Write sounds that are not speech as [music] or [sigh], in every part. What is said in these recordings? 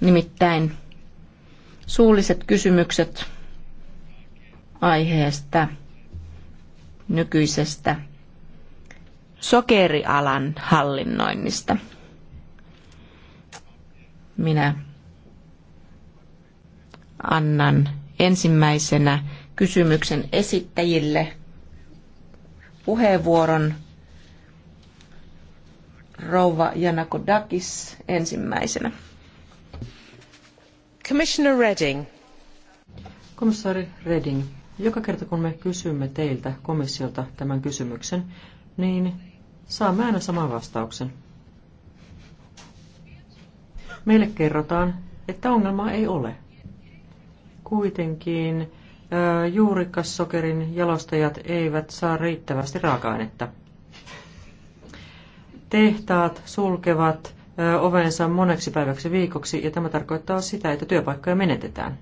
Nimittäin suulliset kysymykset aiheesta nykyisestä sokerialan hallinnoinnista. Minä annan ensimmäisenä kysymyksen esittäjille puheenvuoron. Rouva Janako Dakis ensimmäisenä. Commissioner Reding. Komissaari Reding, joka kerta kun me kysymme teiltä komissiolta tämän kysymyksen, niin saamme aina saman vastauksen. Meille kerrotaan, että ongelmaa ei ole. Kuitenkin juurikassokerin jalostajat eivät saa riittävästi raaka-ainetta. Tehtaat sulkevat ovensa moneksi päiväksi viikoksi, ja tämä tarkoittaa sitä, että työpaikkoja menetetään.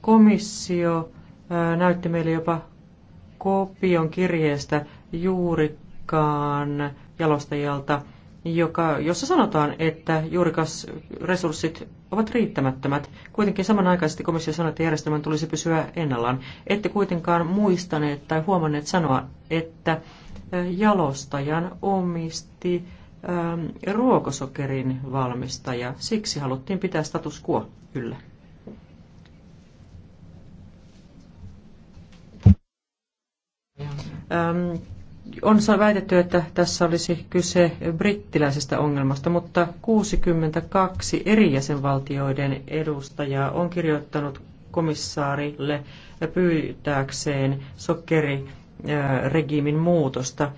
Komissio näytti meille jopa kopion kirjeestä juurikaan jalostajalta, joka, jossa sanotaan, että juurikas resurssit ovat riittämättömät. Kuitenkin samanaikaisesti komissio sanoi, että järjestelmän tulisi pysyä ennallaan. Ette kuitenkaan muistaneet tai huomanneet sanoa, että jalostajan omisti Ähm, ruokosokerin valmistaja. Siksi haluttiin pitää status quo yllä. Ähm, on väitetty, että tässä olisi kyse brittiläisestä ongelmasta, mutta 62 eri jäsenvaltioiden edustajaa on kirjoittanut komissaarille pyytääkseen sokeriregiimin muutosta.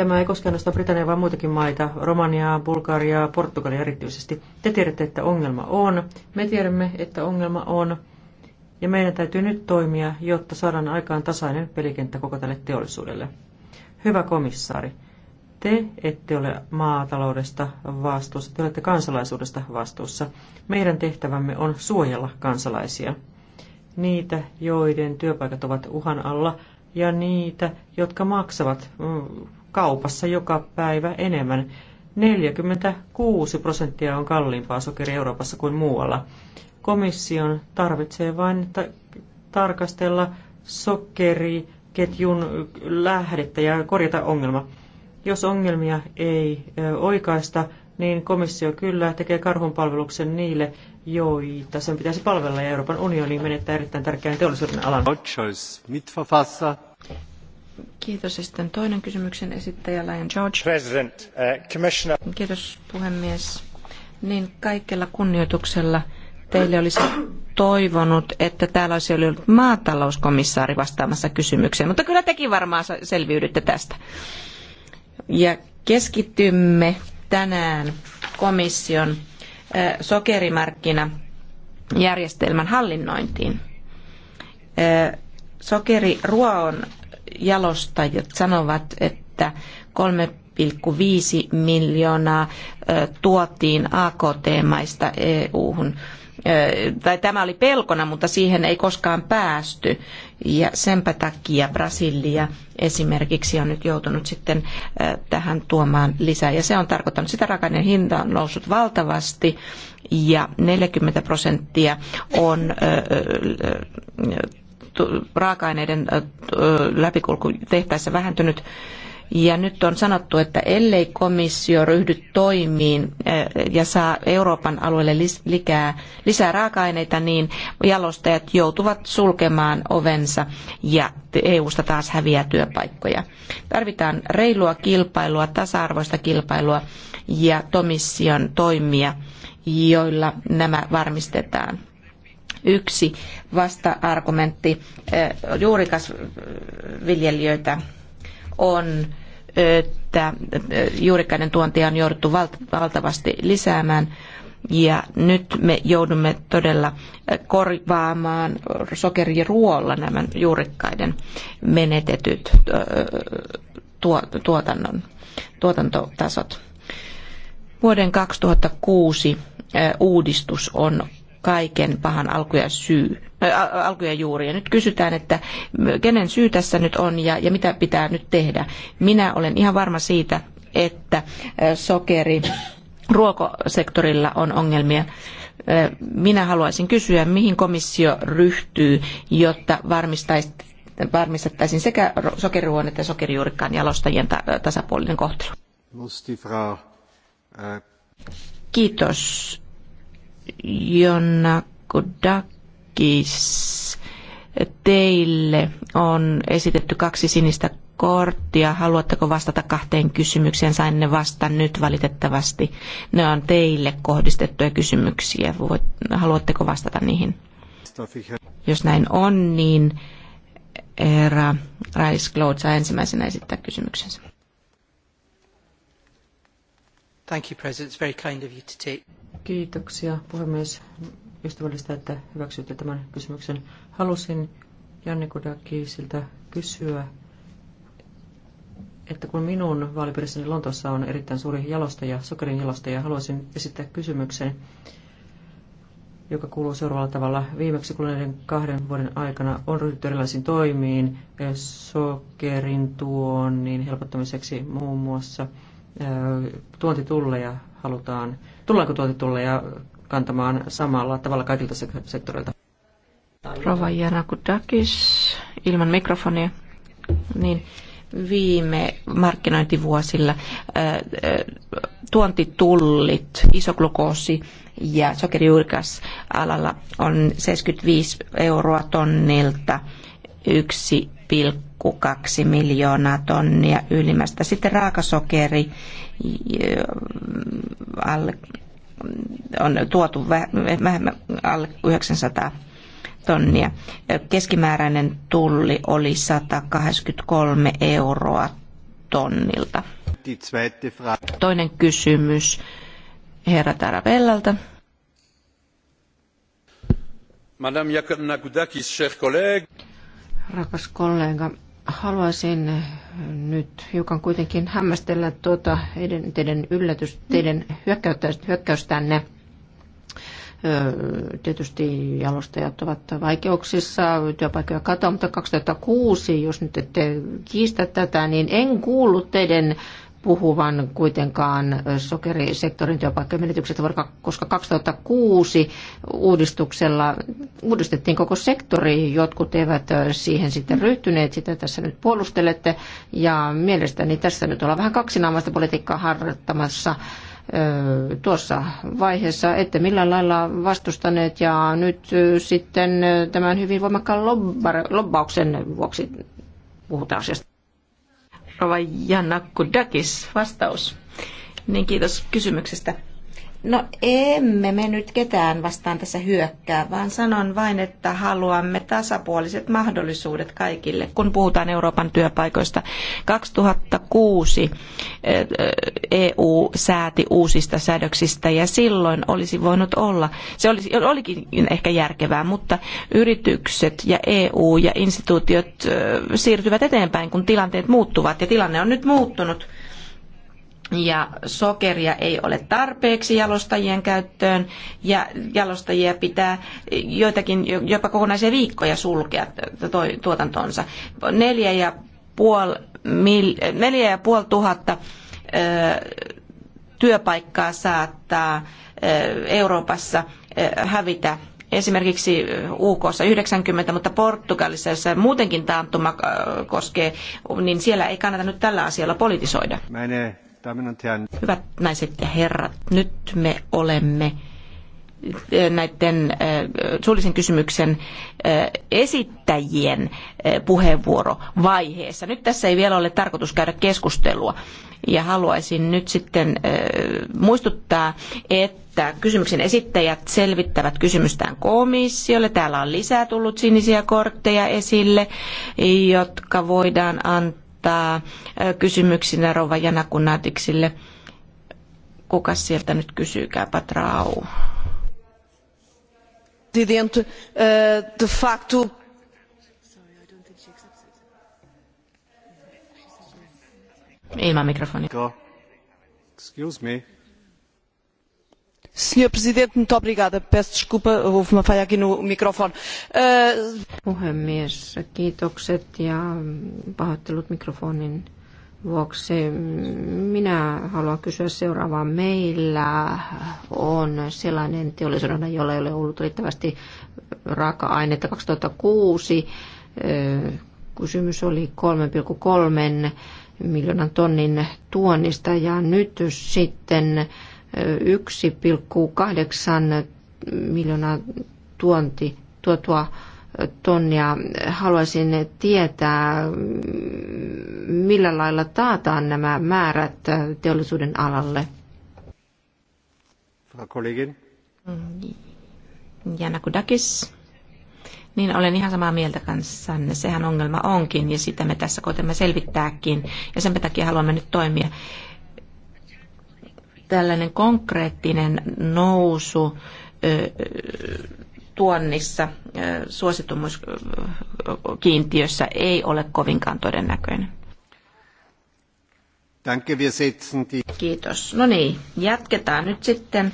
Tämä ei koske ainoastaan Britanniaa, vaan muitakin maita, Romaniaa, Bulgariaa, Portugalia erityisesti. Te tiedätte, että ongelma on. Me tiedämme, että ongelma on. Ja meidän täytyy nyt toimia, jotta saadaan aikaan tasainen pelikenttä koko tälle teollisuudelle. Hyvä komissaari, te ette ole maataloudesta vastuussa, te olette kansalaisuudesta vastuussa. Meidän tehtävämme on suojella kansalaisia. Niitä, joiden työpaikat ovat uhan alla, ja niitä, jotka maksavat mm, kaupassa joka päivä enemmän. 46 prosenttia on kalliimpaa sokeri Euroopassa kuin muualla. Komission tarvitsee vain ta- tarkastella sokeriketjun lähdettä ja korjata ongelma. Jos ongelmia ei oikaista, niin komissio kyllä tekee karhunpalveluksen niille, joita sen pitäisi palvella ja Euroopan unioni menettää erittäin tärkeän teollisuuden alan. Kiitos. Ja sitten toinen kysymyksen esittäjä Lion George. President, uh, commissioner. Kiitos puhemies. Niin kaikella kunnioituksella teille olisi toivonut, että täällä olisi ollut maatalouskomissaari vastaamassa kysymykseen, mutta kyllä tekin varmaan selviydytte tästä. Ja keskitymme tänään komission sokerimarkkinajärjestelmän hallinnointiin. Sokeriruoan jalostajat sanovat, että 3,5 miljoonaa tuotiin AKT-maista EU-hun. Tai tämä oli pelkona, mutta siihen ei koskaan päästy. Ja senpä takia Brasilia esimerkiksi on nyt joutunut sitten tähän tuomaan lisää. Ja se on tarkoittanut sitä, rakainen hinta on noussut valtavasti ja 40 prosenttia on raaka-aineiden läpikulku tehtäessä vähentynyt. Ja nyt on sanottu, että ellei komissio ryhdy toimiin ja saa Euroopan alueelle lisää, lisää raaka-aineita, niin jalostajat joutuvat sulkemaan ovensa ja EU-sta taas häviää työpaikkoja. Tarvitaan reilua kilpailua, tasa-arvoista kilpailua ja komission toimia, joilla nämä varmistetaan. Yksi vasta-argumentti juurikasviljelijöitä on, että juurikkaiden tuontia on jouduttu valtavasti lisäämään. Ja nyt me joudumme todella korvaamaan sokeriruolla nämä juurikkaiden menetetyt tuotannon, tuotantotasot. Vuoden 2006 uudistus on kaiken pahan alku ja, syy, ä, alku ja juuri. Ja nyt kysytään, että kenen syy tässä nyt on ja, ja mitä pitää nyt tehdä. Minä olen ihan varma siitä, että sokeri ruokosektorilla on ongelmia. Minä haluaisin kysyä, mihin komissio ryhtyy, jotta varmistettaisiin sekä sokeriruoan että sokerijuurikkaan jalostajien tasapuolinen kohtelu. Kiitos. Jonna Kodakis teille on esitetty kaksi sinistä korttia. Haluatteko vastata kahteen kysymykseen? Sain ne vasta nyt valitettavasti. Ne on teille kohdistettuja kysymyksiä. Haluatteko vastata niihin? Jos näin on, niin herra Rice Cloud saa ensimmäisenä esittää kysymyksensä. Thank you, President. It's very kind of you to take. Kiitoksia puhemies ystävällistä, että hyväksytte tämän kysymyksen. Halusin Janne Kudakiisiltä kysyä, että kun minun vaalipiirissäni Lontossa on erittäin suuri jalostaja, sokerin jalostaja, haluaisin esittää kysymyksen, joka kuuluu seuraavalla tavalla. Viimeksi kuluneiden kahden vuoden aikana on ryhdytty erilaisiin toimiin eh, sokerin tuonnin helpottamiseksi muun muassa eh, tuontitulleja halutaan tullaanko ja kantamaan samalla tavalla kaikilta sektoreilta? Rova Janakudakis, ilman mikrofonia. Niin, viime markkinointivuosilla ää, äh, äh, tuontitullit, isoglukoosi ja sokerijuurikas alalla on 75 euroa tonnilta yksi 1,2 miljoonaa tonnia ylimästä. Sitten raakasokeri eh, on tuotu vähemmän alle 900 tonnia. Keskimääräinen tulli oli 183 euroa tonnilta. Toinen kysymys herra Tarabellalta. Madame Yakunakudakis, chers collègues. Rakas kollega, haluaisin nyt hiukan kuitenkin hämmästellä tuota teidän yllätys, teidän hyökkäystänne. Tietysti jalostajat ovat vaikeuksissa, työpaikkoja katoaa, mutta 2006, jos nyt ette kiistä tätä, niin en kuullut teidän puhuvan kuitenkaan sokerisektorin työpaikkojen menetykset, koska 2006 uudistuksella uudistettiin koko sektori. Jotkut eivät siihen sitten ryhtyneet, sitä tässä nyt puolustelette. Ja mielestäni tässä nyt ollaan vähän kaksinaamaista politiikkaa harjoittamassa tuossa vaiheessa, ette millään lailla vastustaneet ja nyt sitten tämän hyvin voimakkaan lobbauksen vuoksi puhutaan asiasta. Rova Janna Kudakis, vastaus. Niin, kiitos kysymyksestä. No emme me nyt ketään vastaan tässä hyökkää, vaan sanon vain, että haluamme tasapuoliset mahdollisuudet kaikille, kun puhutaan Euroopan työpaikoista. 2006 EU eh, eh, e sääti uusista säädöksistä ja silloin olisi voinut olla, se olisi, olikin ehkä järkevää, mutta yritykset ja EU ja instituutiot eh, siirtyvät eteenpäin, kun tilanteet muuttuvat ja tilanne on nyt muuttunut ja sokeria ei ole tarpeeksi jalostajien käyttöön ja jalostajia pitää joitakin jopa kokonaisia viikkoja sulkea tuotantonsa. Neljä ja puoli, mil, neljä ja puoli tuhatta työpaikkaa saattaa Euroopassa hävitä esimerkiksi UK 90, mutta Portugalissa, jossa muutenkin taantuma koskee, niin siellä ei kannata nyt tällä asialla politisoida. Hyvät naiset ja herrat, nyt me olemme eh, näiden eh, suullisen kysymyksen eh, esittäjien puheenvuorovaiheessa. Nyt tässä ei vielä ole tarkoitus käydä keskustelua. Ja haluaisin nyt sitten muistuttaa, että kysymyksen esittäjät selvittävät kysymystään komissiolle. Täällä on lisää tullut sinisiä kortteja esille, jotka voidaan antaa ottaa kysymyksinä Rova Janakunatiksille. Kuka sieltä nyt kysyykää, Patraau? Presidente, de facto ilman mikrofonia. Excuse me. Senhor Presidente, muito obrigada. Peço desculpa, houve uma falha aqui no microfone. Uh... Puhemies, kiitokset ja pahoittelut mikrofonin vuoksi. Minä haluan kysyä seuraavaa. Meillä on sellainen teollisuuden, jolla ei ole ollut riittävästi raaka-ainetta 2006. Eh, kysymys oli 3,3 miljoonan tonnin tuonnista ja nyt sitten 1,8 miljoonaa tuonti, tuotua tonnia. Haluaisin tietää, millä lailla taataan nämä määrät teollisuuden alalle. Kollegin. Mm, Jana Kudakis. Niin, olen ihan samaa mieltä kanssanne. Sehän ongelma onkin ja sitä me tässä koitamme selvittääkin. Ja sen takia haluamme nyt toimia tällainen konkreettinen nousu tuonnissa suositumuskiintiössä ei ole kovinkaan todennäköinen. Kiitos. No niin, jatketaan nyt sitten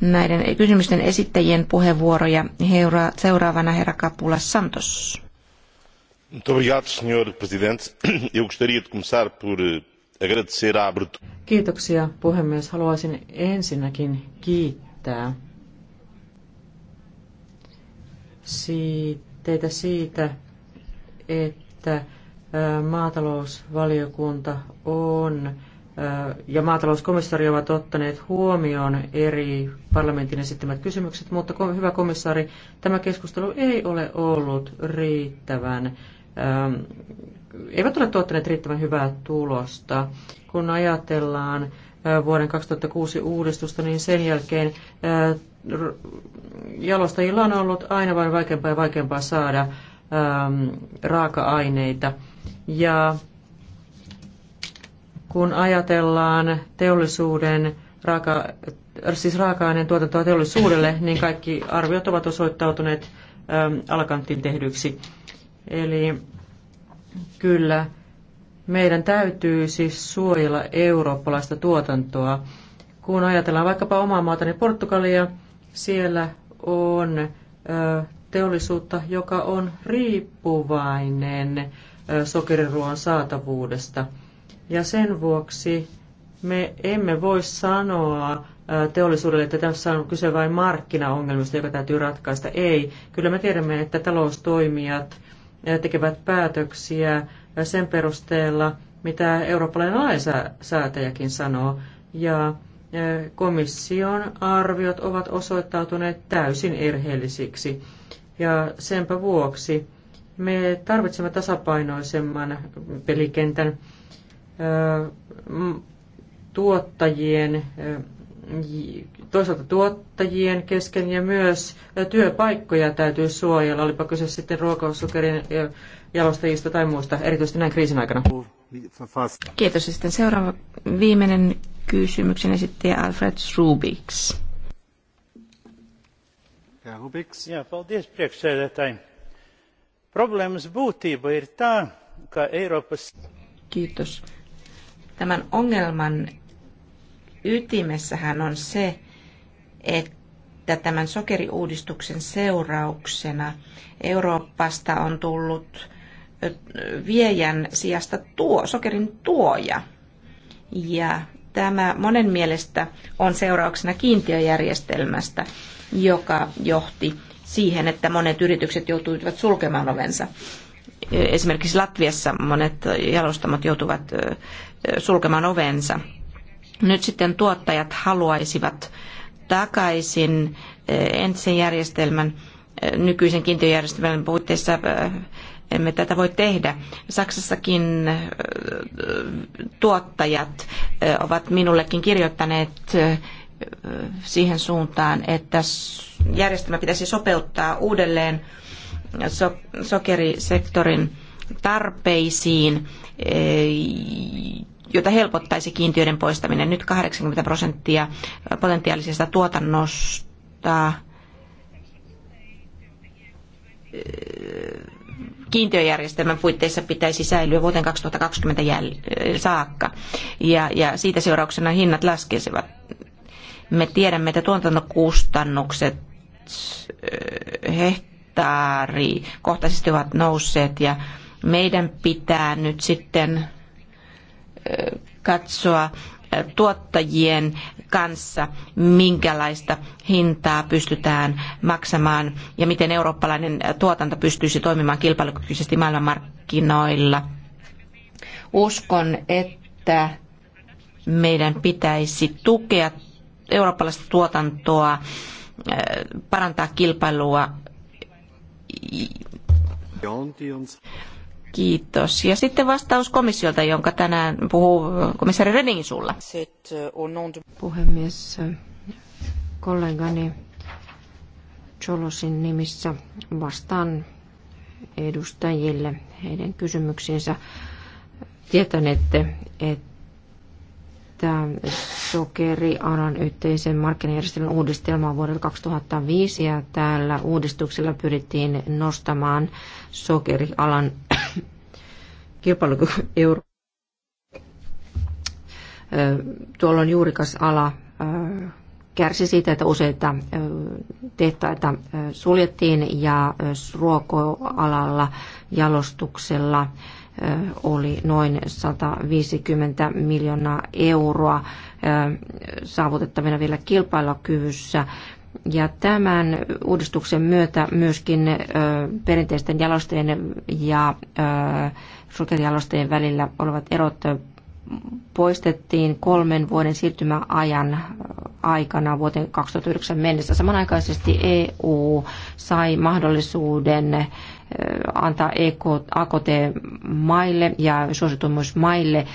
näiden kysymysten esittäjien puheenvuoroja. Heura, seuraavana herra Kapula Santos. Muito obrigado, senhor presidente. [clears throat] Eu gostaria de começar por eh, Kiitoksia puhemies. Haluaisin ensinnäkin kiittää teitä siitä, että maatalousvaliokunta on ja maatalouskomissaari ovat ottaneet huomioon eri parlamentin esittämät kysymykset, mutta hyvä komissaari, tämä keskustelu ei ole ollut riittävän eivät ole tuottaneet riittävän hyvää tulosta. Kun ajatellaan vuoden 2006 uudistusta, niin sen jälkeen jalostajilla on ollut aina vain vaikeampaa ja vaikeampaa saada raaka-aineita. Ja kun ajatellaan teollisuuden raaka, siis raaka-aineen tuotantoa teollisuudelle, niin kaikki arviot ovat osoittautuneet äm, alkantin tehdyksi. Eli Kyllä, meidän täytyy siis suojella eurooppalaista tuotantoa. Kun ajatellaan vaikkapa omaa maatani niin Portugalia, siellä on teollisuutta, joka on riippuvainen sokeriruoan saatavuudesta. Ja sen vuoksi me emme voi sanoa teollisuudelle, että tässä on kyse vain markkinaongelmista, joka täytyy ratkaista. Ei, kyllä me tiedämme, että taloustoimijat tekevät päätöksiä sen perusteella, mitä eurooppalainen lainsäätäjäkin sanoo. Ja e, komission arviot ovat osoittautuneet täysin erheellisiksi. Ja senpä vuoksi me tarvitsemme tasapainoisemman pelikentän e, tuottajien e, toisaalta tuottajien kesken ja myös työpaikkoja täytyy suojella, olipa kyse sitten ruokasukerin jalostajista tai muista, erityisesti näin kriisin aikana. Kiitos. Ja sitten seuraava viimeinen kysymyksen esittäjä Alfred Rubiks. Ja Rubiks. Ja, paldies priekšsēdētāji. problems būtība ir tā, ka Kiitos. Tämän ongelman ytimessähän on se, että tämän sokeriuudistuksen seurauksena Euroopasta on tullut viejän sijasta tuo, sokerin tuoja. Ja tämä monen mielestä on seurauksena kiintiöjärjestelmästä, joka johti siihen, että monet yritykset joutuivat sulkemaan ovensa. Esimerkiksi Latviassa monet jalostamot joutuvat sulkemaan ovensa nyt sitten tuottajat haluaisivat takaisin eh, entisen järjestelmän, eh, nykyisen kiintiöjärjestelmän puitteissa eh, emme tätä voi tehdä. Saksassakin tuottajat ovat minullekin kirjoittaneet siihen suuntaan, että järjestelmä pitäisi sopeuttaa uudelleen sokerisektorin tarpeisiin jota helpottaisi kiintiöiden poistaminen. Nyt 80 prosenttia potentiaalisesta tuotannosta kiintiöjärjestelmän puitteissa pitäisi säilyä vuoteen 2020 jäl- saakka. Ja, ja siitä seurauksena hinnat laskisivat. Me tiedämme, että tuotantokustannukset hehtaari kohtaisesti ovat nousseet ja meidän pitää nyt sitten katsoa äh, tuottajien kanssa, minkälaista hintaa pystytään maksamaan ja miten eurooppalainen tuotanto pystyisi toimimaan kilpailukykyisesti maailmanmarkkinoilla. Uskon, että meidän pitäisi tukea eurooppalaista tuotantoa, äh, parantaa kilpailua Kiitos. Ja sitten vastaus komissiolta, jonka tänään puhuu komissaari Redingin sulla. Puhemies, kollegani Cholosin nimissä vastaan edustajille heidän kysymyksiinsä. Tietänette, että että sokerialan yhteisen markkinajärjestelmän uudistelmaa vuodelta 2005 ja täällä uudistuksella pyrittiin nostamaan sokerialan [coughs] kilpailukyky euro. Tuolloin juurikas ala kärsi siitä, että useita tehtaita suljettiin ja ruokoalalla, jalostuksella, oli noin 150 miljoonaa euroa saavutettavina vielä kilpailukyvyssä. Ja tämän uudistuksen myötä myöskin perinteisten jalosteiden ja sokerijalosteen välillä olevat erot poistettiin kolmen vuoden siirtymäajan aikana vuoteen 2009 mennessä. Samanaikaisesti EU sai mahdollisuuden Äh, antaa EK, AKT-maille ja suosituimmuusmaille äh,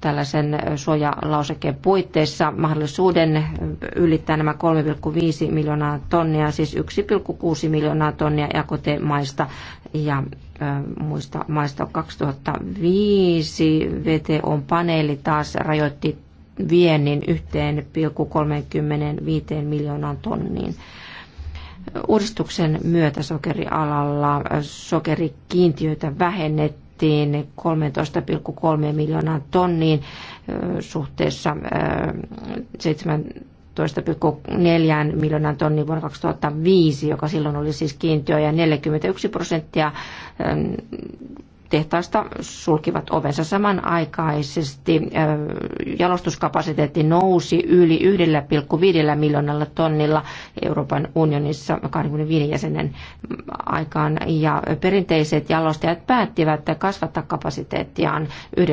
tällaisen äh, suojalausekkeen puitteissa mahdollisuuden ylittää nämä 3,5 miljoonaa tonnia, siis 1,6 miljoonaa tonnia jakote-maista ja muista maista 2005 vto paneeli taas rajoitti viennin 1,35 miljoonaan tonniin. Uudistuksen myötä sokerialalla sokerikiintiöitä vähennettiin 13,3 miljoonaan tonniin suhteessa 17,4 miljoonan tonniin vuonna 2005, joka silloin oli siis kiintiö, ja 41 prosenttia tehtaista sulkivat ovensa samanaikaisesti. Jalostuskapasiteetti nousi yli 1,5 miljoonalla tonnilla Euroopan unionissa 25 jäsenen aikaan ja perinteiset jalostajat päättivät kasvattaa kapasiteettiaan 1,15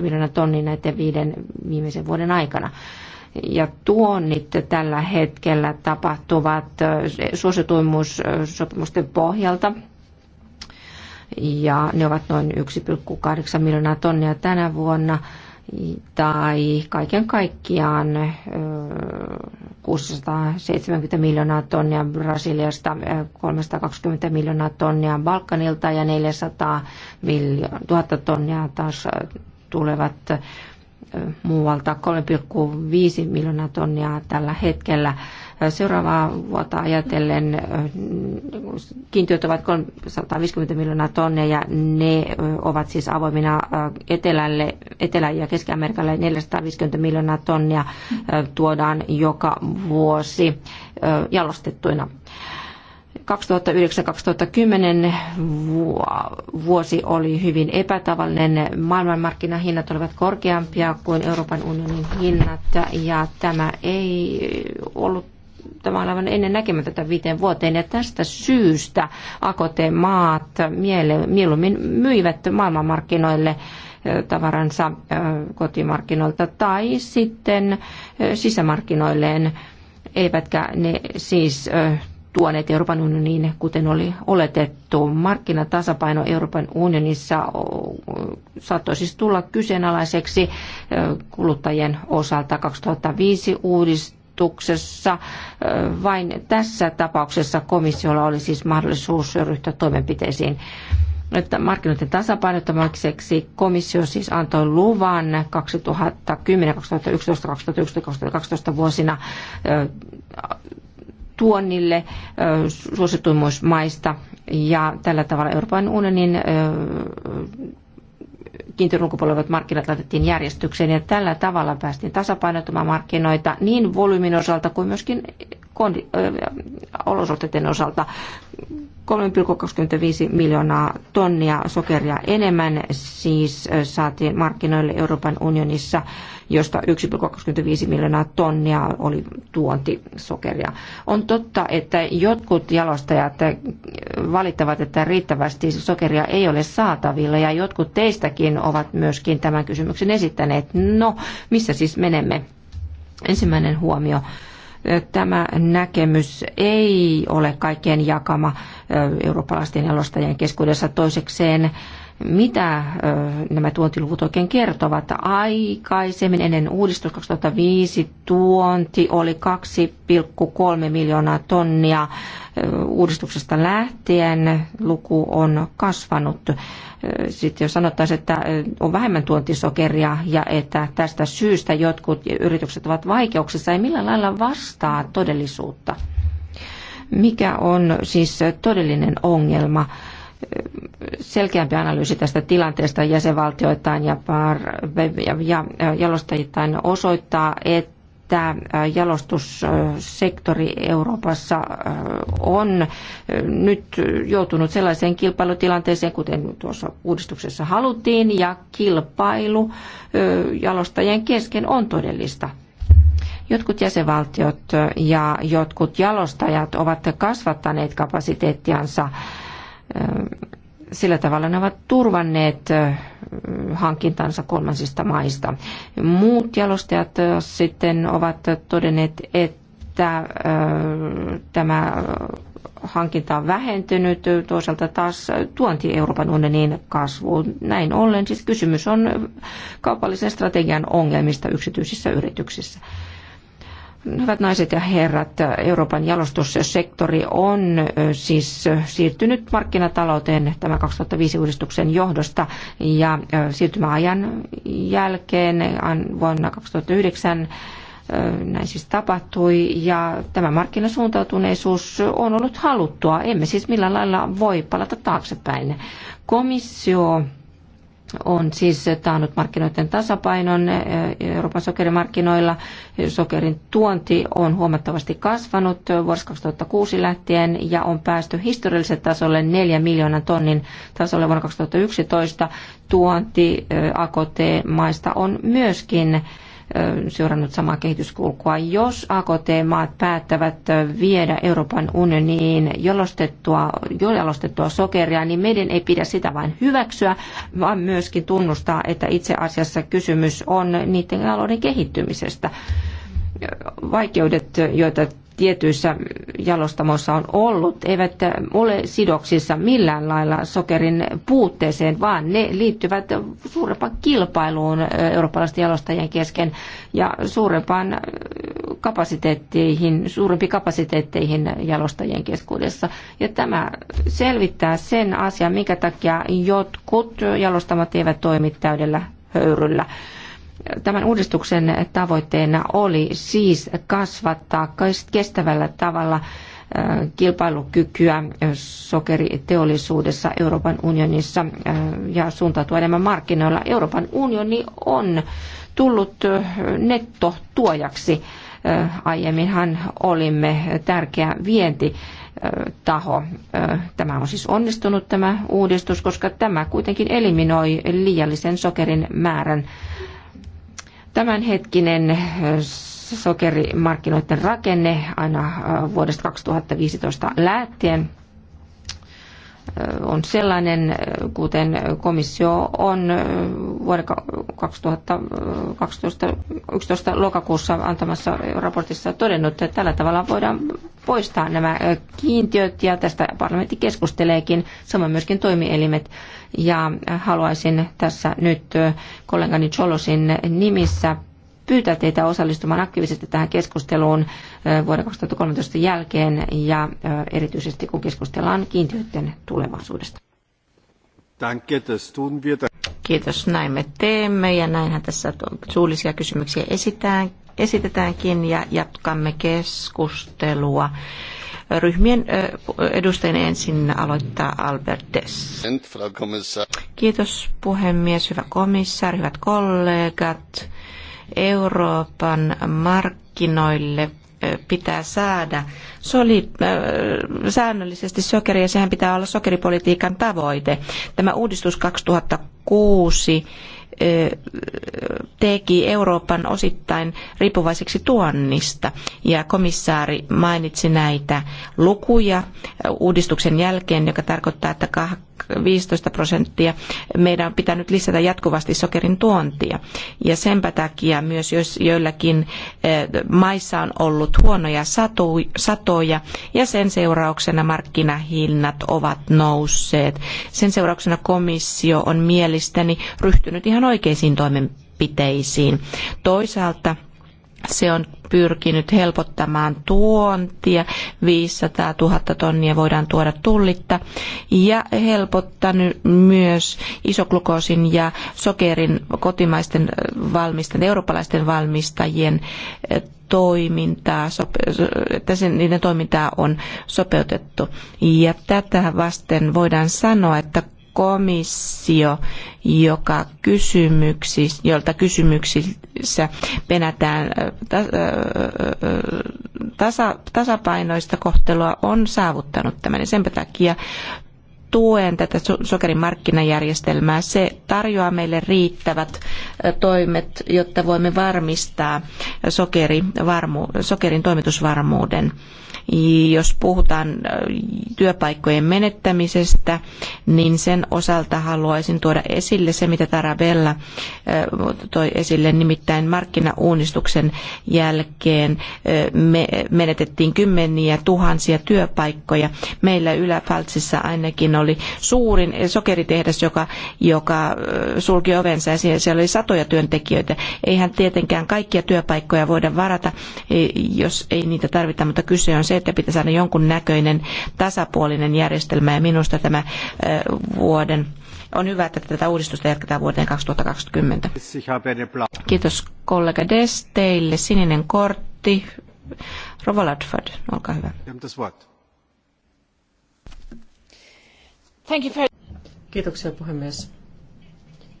miljoonaa tonnin näiden viiden viimeisen vuoden aikana ja tuonnit tällä hetkellä tapahtuvat suosituimmuussopimusten pohjalta ja ne ovat noin 1,8 miljoonaa tonnia tänä vuonna tai kaiken kaikkiaan 670 miljoonaa tonnia Brasiliasta, 320 miljoonaa tonnia Balkanilta ja 400 000 tonnia taas tulevat muualta 3,5 miljoonaa tonnia tällä hetkellä seuraavaa vuotta ajatellen kiintiöt ovat 350 miljoonaa tonnia ja ne ovat siis avoimina etelälle, Etelä- ja Keski-Amerikalle 450 miljoonaa tonnia tuodaan joka vuosi jalostettuina. 2009-2010 vuosi oli hyvin epätavallinen. Maailmanmarkkinahinnat olivat korkeampia kuin Euroopan unionin hinnat ja tämä ei ollut tämä on aivan ennen näkemätöntä viiteen vuoteen. Ja tästä syystä AKT-maat mieluummin myivät maailmanmarkkinoille tavaransa kotimarkkinoilta tai sitten sisämarkkinoilleen, eivätkä ne siis tuoneet Euroopan unioniin, kuten oli oletettu. Markkinatasapaino Euroopan unionissa saattoi siis tulla kyseenalaiseksi kuluttajien osalta 2005 uudistus ehdotuksessa. Vain tässä tapauksessa komissiolla oli siis mahdollisuus ryhtyä toimenpiteisiin että markkinoiden tasapainottamiseksi komissio siis antoi luvan 2010, 2011, 2011, 2012 vuosina tuonnille suosituimmuusmaista ja tällä tavalla Euroopan unionin kiintiön ulkopuolella markkinat laitettiin järjestykseen ja tällä tavalla päästiin tasapainottamaan markkinoita niin volyymin osalta kuin myöskin olosuhteiden osalta 3,25 miljoonaa tonnia sokeria enemmän siis saatiin markkinoille Euroopan unionissa, josta 1,25 miljoonaa tonnia oli tuontisokeria. On totta, että jotkut jalostajat valittavat, että riittävästi sokeria ei ole saatavilla ja jotkut teistäkin ovat myöskin tämän kysymyksen esittäneet. No, missä siis menemme? Ensimmäinen huomio Tämä näkemys ei ole kaikkien jakama eurooppalaisten elostajien keskuudessa toisekseen mitä nämä tuontiluvut oikein kertovat. Aikaisemmin ennen uudistus 2005 tuonti oli 2,3 miljoonaa tonnia. Uudistuksesta lähtien luku on kasvanut. Sitten jos sanottaisiin, että on vähemmän tuontisokeria ja että tästä syystä jotkut yritykset ovat vaikeuksissa, ei millään lailla vastaa todellisuutta. Mikä on siis todellinen ongelma? selkeämpi analyysi tästä tilanteesta jäsenvaltioittain ja, par, ja, ja jalostajittain osoittaa, että että äh, jalostussektori Euroopassa äh, on äh, nyt joutunut sellaiseen kilpailutilanteeseen, kuten tuossa uudistuksessa haluttiin, ja kilpailu jalostajien kesken on todellista. Jotkut jäsenvaltiot ja jotkut jalostajat ovat kasvattaneet kapasiteettiansa sillä tavalla ne ovat turvanneet hankintansa kolmansista maista. Muut jalostajat sitten ovat todenneet, että tämä hankinta on vähentynyt, toisaalta taas tuonti Euroopan unionin kasvu. Näin ollen siis kysymys on kaupallisen strategian ongelmista yksityisissä yrityksissä. Hyvät naiset ja herrat, Euroopan jalostussektori on siis siirtynyt markkinatalouteen tämän 2005 uudistuksen johdosta ja siirtymäajan jälkeen vuonna 2009 näin siis tapahtui ja tämä markkinasuuntautuneisuus on ollut haluttua. Emme siis millään lailla voi palata taaksepäin. Komissio on siis taannut markkinoiden tasapainon eh, Euroopan sokerimarkkinoilla. Sokerin tuonti on huomattavasti kasvanut vuodesta 2006 lähtien ja on päästy historialliselle tasolle 4 miljoonan tonnin tasolle vuonna 2011. Tuonti eh, AKT-maista on myöskin seurannut samaa kehityskulkua. Jos AKT-maat päättävät viedä Euroopan unioniin jalostettua, jalostettua sokeria, niin meidän ei pidä sitä vain hyväksyä, vaan myöskin tunnustaa, että itse asiassa kysymys on niiden aloiden kehittymisestä vaikeudet, joita tietyissä jalostamoissa on ollut, eivät ole sidoksissa millään lailla sokerin puutteeseen, vaan ne liittyvät suurempaan kilpailuun eurooppalaisten jalostajien kesken ja suurempaan kapasiteetteihin, suurempi kapasiteetteihin jalostajien keskuudessa. Ja tämä selvittää sen asian, minkä takia jotkut jalostamat eivät toimi täydellä höyryllä. Tämän uudistuksen tavoitteena oli siis kasvattaa kestävällä tavalla äh, kilpailukykyä sokeriteollisuudessa Euroopan unionissa äh, ja suuntautua enemmän markkinoilla. Euroopan unioni on tullut äh, nettotuojaksi. Aiemminhan olimme tärkeä vienti taho. Tämä on siis onnistunut tämä uudistus, koska tämä kuitenkin eliminoi liiallisen sokerin määrän Tämänhetkinen äh, sokerimarkkinoiden rakenne aina äh, vuodesta 2015 lähtien on sellainen, kuten komissio on vuoden 2012 lokakuussa antamassa raportissa todennut, että tällä tavalla voidaan poistaa nämä kiintiöt ja tästä parlamentti keskusteleekin, samoin myöskin toimielimet. Ja haluaisin tässä nyt kollegani Cholosin nimissä pyytää teitä osallistumaan aktiivisesti tähän keskusteluun vuoden 2013 jälkeen ja erityisesti kun keskustellaan kiintiöiden tulevaisuudesta. Kiitos, näin me teemme ja näinhän tässä suullisia kysymyksiä esitään, esitetäänkin ja jatkamme keskustelua. Ryhmien edustajien ensin aloittaa Albert Dess. Kiitos puhemies, hyvä komissaari, hyvät kollegat. Euroopan markkinoille pitää saada soli, säännöllisesti sokeria ja sehän pitää olla sokeripolitiikan tavoite. Tämä uudistus 2006 teki Euroopan osittain riippuvaiseksi tuonnista. Ja komissaari mainitsi näitä lukuja uudistuksen jälkeen, joka tarkoittaa, että 15 prosenttia. Meidän on pitänyt lisätä jatkuvasti sokerin tuontia. Ja senpä takia myös jos joillakin eh, maissa on ollut huonoja satoja ja sen seurauksena markkinahinnat ovat nousseet. Sen seurauksena komissio on mielestäni ryhtynyt ihan oikeisiin toimenpiteisiin. Toisaalta se on pyrkinyt helpottamaan tuontia. 500 000 tonnia voidaan tuoda tullitta ja helpottanut myös isoglukoosin ja sokerin kotimaisten valmistajien, eurooppalaisten valmistajien eh, toimintaa, että sen, niiden toimintaa on sopeutettu. Ja tätä vasten voidaan sanoa, että komissio, joka kysymyksissä, jolta kysymyksissä penätään tasa, tasapainoista kohtelua, on saavuttanut tämän. Ja sen takia tuen tätä sokerin markkinajärjestelmää. Se tarjoaa meille riittävät toimet, jotta voimme varmistaa sokerin toimitusvarmuuden jos puhutaan työpaikkojen menettämisestä, niin sen osalta haluaisin tuoda esille se, mitä Tarabella toi esille, nimittäin markkinauunnistuksen jälkeen me menetettiin kymmeniä tuhansia työpaikkoja. Meillä Yläfaltsissa ainakin oli suurin sokeritehdas, joka, joka sulki ovensa ja siellä oli satoja työntekijöitä. Eihän tietenkään kaikkia työpaikkoja voida varata, e, jos ei niitä tarvita, mutta kyse on se että pitäisi saada jonkun näköinen tasapuolinen järjestelmä ja minusta tämä vuoden on hyvä, että tätä uudistusta jatketaan vuoteen 2020. Kiitos kollega Des. Teille sininen kortti. Rova Ludford, olkaa hyvä. Kiitoksia puhemies.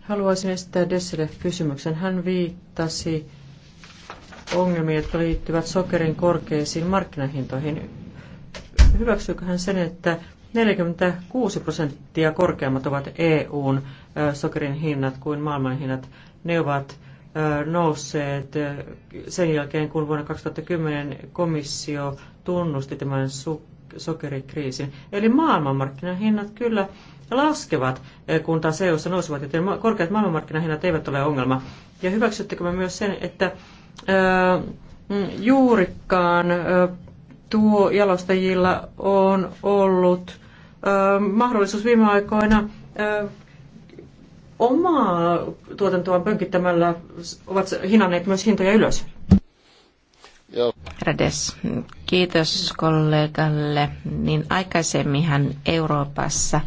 Haluaisin esittää Dessille kysymyksen. Hän viittasi ongelmia, jotka liittyvät sokerin korkeisiin markkinahintoihin. Hyväksyykö hän sen, että 46 prosenttia korkeammat ovat EUn sokerin hinnat kuin maailman hinnat? Ne ovat nousseet sen jälkeen, kun vuonna 2010 komissio tunnusti tämän sokerikriisin. Eli maailmanmarkkinahinnat kyllä laskevat, kun taas EU-ssa nousevat, joten korkeat maailmanmarkkinahinnat eivät ole ongelma. Ja hyväksyttekö myös sen, että Mm, juurikkaan tuo jalostajilla on ollut mahdollisuus viime aikoina omaa tuotantoa pönkittämällä ovat hinanneet myös hintoja ylös. Rades, kiitos kollegalle. Niin aikaisemminhan Euroopassa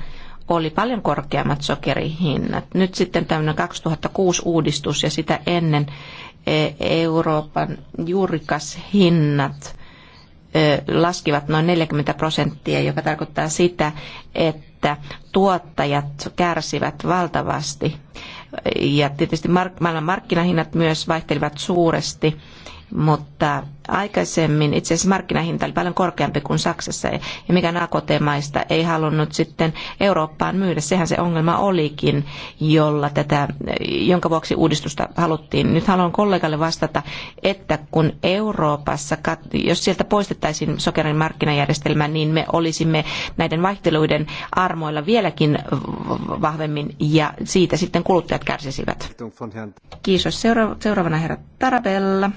oli paljon korkeammat sokerihinnat. Nyt sitten tämmöinen 2006 uudistus ja sitä ennen Euroopan juurikashinnat laskivat noin 40 prosenttia, joka tarkoittaa sitä, että tuottajat kärsivät valtavasti. Ja tietysti maailman markkinahinnat myös vaihtelivat suuresti, mutta Aikaisemmin itse asiassa markkinahinta oli paljon korkeampi kuin Saksassa ja mikään AKT-maista ei halunnut sitten Eurooppaan myydä. Sehän se ongelma olikin, jolla tätä, jonka vuoksi uudistusta haluttiin. Nyt haluan kollegalle vastata, että kun Euroopassa, jos sieltä poistettaisiin sokerin markkinajärjestelmä, niin me olisimme näiden vaihteluiden armoilla vieläkin vahvemmin ja siitä sitten kuluttajat kärsisivät. Kiitos. Seuraavana herra Tarabella.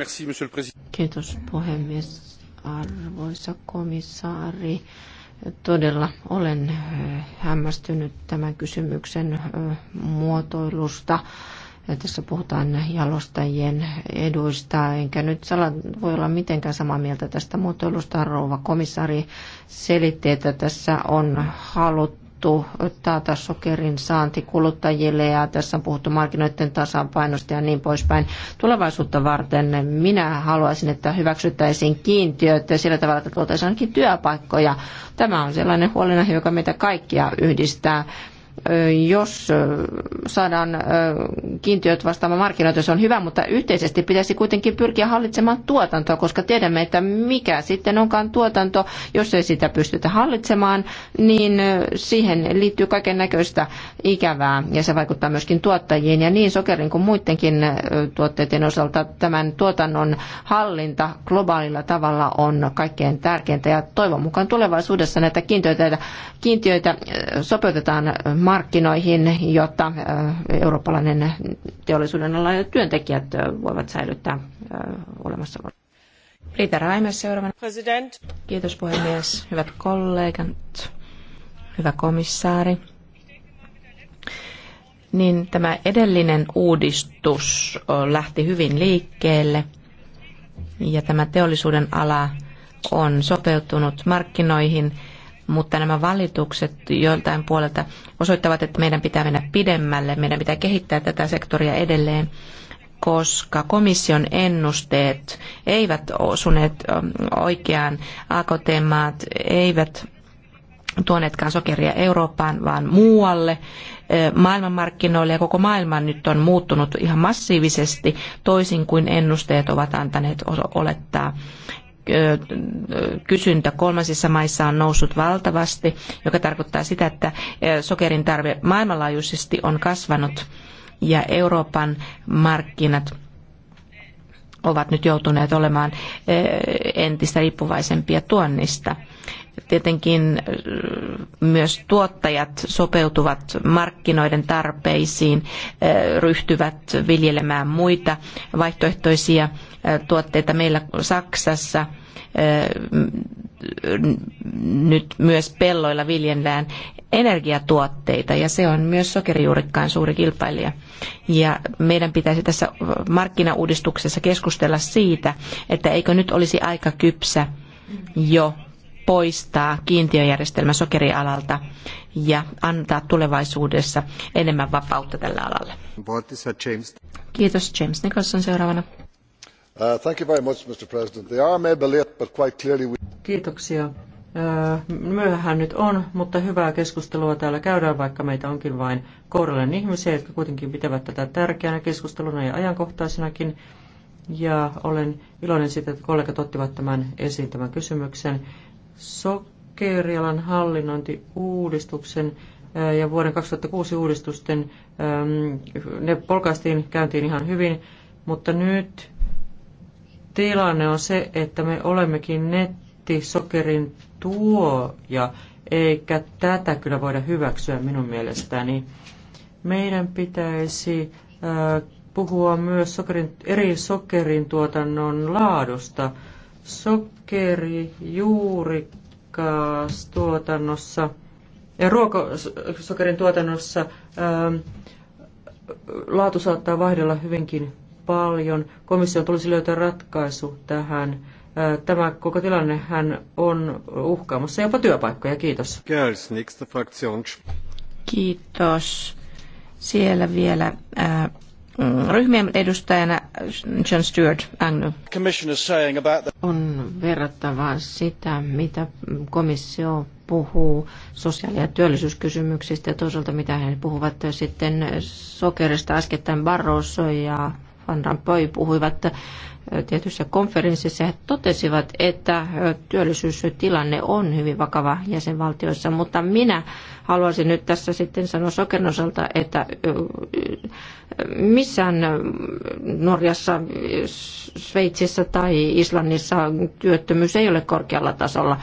Merci, monsieur le president. Kiitos puhemies. Arvoisa komissaari, todella olen hämmästynyt tämän kysymyksen muotoilusta. Tässä puhutaan jalostajien eduista, enkä nyt voi olla mitenkään samaa mieltä tästä muotoilusta. Rouva komissaari selitti, että tässä on haluttu puhuttu taata sokerin saanti kuluttajille ja tässä on puhuttu markkinoiden tasapainosta ja niin poispäin. Tulevaisuutta varten minä haluaisin, että hyväksyttäisiin kiintiöt sillä tavalla, että tuotaisiin ainakin työpaikkoja. Tämä on sellainen huolenaihe, joka meitä kaikkia yhdistää jos saadaan kiintiöt vastaamaan markkinoita, se on hyvä, mutta yhteisesti pitäisi kuitenkin pyrkiä hallitsemaan tuotantoa, koska tiedämme, että mikä sitten onkaan tuotanto, jos ei sitä pystytä hallitsemaan, niin siihen liittyy kaiken näköistä ikävää ja se vaikuttaa myöskin tuottajiin ja niin sokerin kuin muidenkin tuotteiden osalta tämän tuotannon hallinta globaalilla tavalla on kaikkein tärkeintä ja toivon mukaan tulevaisuudessa näitä kiintiöitä, kiintiöitä sopeutetaan markkinoihin, jotta eurooppalainen teollisuuden ala ja työntekijät voivat säilyttää olemassa. Riita Raimes seuraavana. President. Kiitos puhemies. Hyvät kollegat, hyvä komissaari. Niin tämä edellinen uudistus lähti hyvin liikkeelle ja tämä teollisuuden ala on sopeutunut markkinoihin – mutta nämä valitukset joiltain puolelta osoittavat, että meidän pitää mennä pidemmälle, meidän pitää kehittää tätä sektoria edelleen koska komission ennusteet eivät osuneet ähm, oikeaan. AKT-maat eivät tuoneetkaan sokeria Eurooppaan, vaan muualle äh, maailmanmarkkinoille ja koko maailma nyt on muuttunut ihan massiivisesti toisin kuin ennusteet ovat antaneet olettaa kysyntä kolmansissa maissa on noussut valtavasti, joka tarkoittaa sitä, että sokerin tarve maailmanlaajuisesti on kasvanut ja Euroopan markkinat ovat nyt joutuneet olemaan entistä riippuvaisempia tuonnista. Ja tietenkin myös tuottajat sopeutuvat markkinoiden tarpeisiin, ryhtyvät viljelemään muita vaihtoehtoisia tuotteita. Meillä Saksassa nyt myös pelloilla viljellään energiatuotteita ja se on myös sokerijuurikkaan suuri kilpailija. Ja meidän pitäisi tässä markkinauudistuksessa keskustella siitä, että eikö nyt olisi aika kypsä jo poistaa kiintiöjärjestelmä sokerialalta ja antaa tulevaisuudessa enemmän vapautta tällä alalla. Kiitos James Nicholson seuraavana. Kiitoksia. Uh, Myöhähän nyt on, mutta hyvää keskustelua täällä käydään, vaikka meitä onkin vain kourallinen ihmisiä, jotka kuitenkin pitävät tätä tärkeänä keskusteluna ja ajankohtaisenakin. Ja olen iloinen siitä, että kollegat ottivat tämän esiin tämän kysymyksen. Sokerialan hallinnointiuudistuksen ja vuoden 2006 uudistusten, ne polkaistiin käyntiin ihan hyvin, mutta nyt tilanne on se, että me olemmekin nettisokerin tuoja, eikä tätä kyllä voida hyväksyä minun mielestäni. Meidän pitäisi puhua myös sokerin, eri sokerin tuotannon laadusta sokeri tuotannossa ja ruokasokerin tuotannossa ää, ähm, laatu saattaa vaihdella hyvinkin paljon. Komission tulisi löytää ratkaisu tähän. Ää, äh, tämä koko tilanne hän on uhkaamassa jopa työpaikkoja. Kiitos. Kiitos. Siellä vielä ää, äh, ryhmien edustajana John Stewart Agnew. On verrattava sitä, mitä komissio puhuu sosiaali- ja työllisyyskysymyksistä ja toisaalta mitä he puhuvat sitten sokerista äskettäin Barroso ja Van Rompuy puhuivat tietyssä konferenssissa he totesivat, että työllisyystilanne on hyvin vakava jäsenvaltioissa, mutta minä haluaisin nyt tässä sitten sanoa sokerin osalta, että missään Norjassa, Sveitsissä tai Islannissa työttömyys ei ole korkealla tasolla.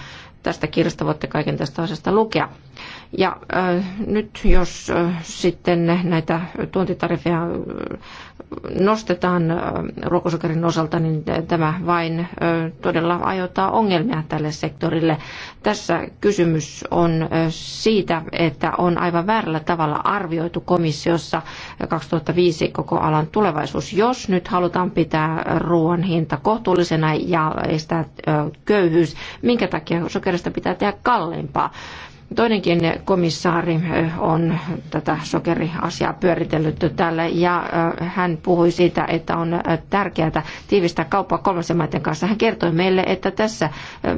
Tästä kirjasta voitte kaiken tästä asiasta lukea. Ja äh, nyt jos äh, sitten näitä tuontitarifeja nostetaan äh, ruokosokerin osalta, niin tämä vain äh, todella aiheuttaa ongelmia tälle sektorille. Tässä kysymys on äh, siitä, että on aivan väärällä tavalla arvioitu komissiossa 2005 koko alan tulevaisuus. Jos nyt halutaan pitää ruoan hinta kohtuullisena ja estää äh, köyhyys, minkä takia sokerista pitää tehdä kalliimpaa? Äh, Toinenkin komissaari on tätä sokeriasiaa pyöritellyt täällä ja hän puhui siitä, että on tärkeää tiivistää kauppaa kolmansien maiden kanssa. Hän kertoi meille, että tässä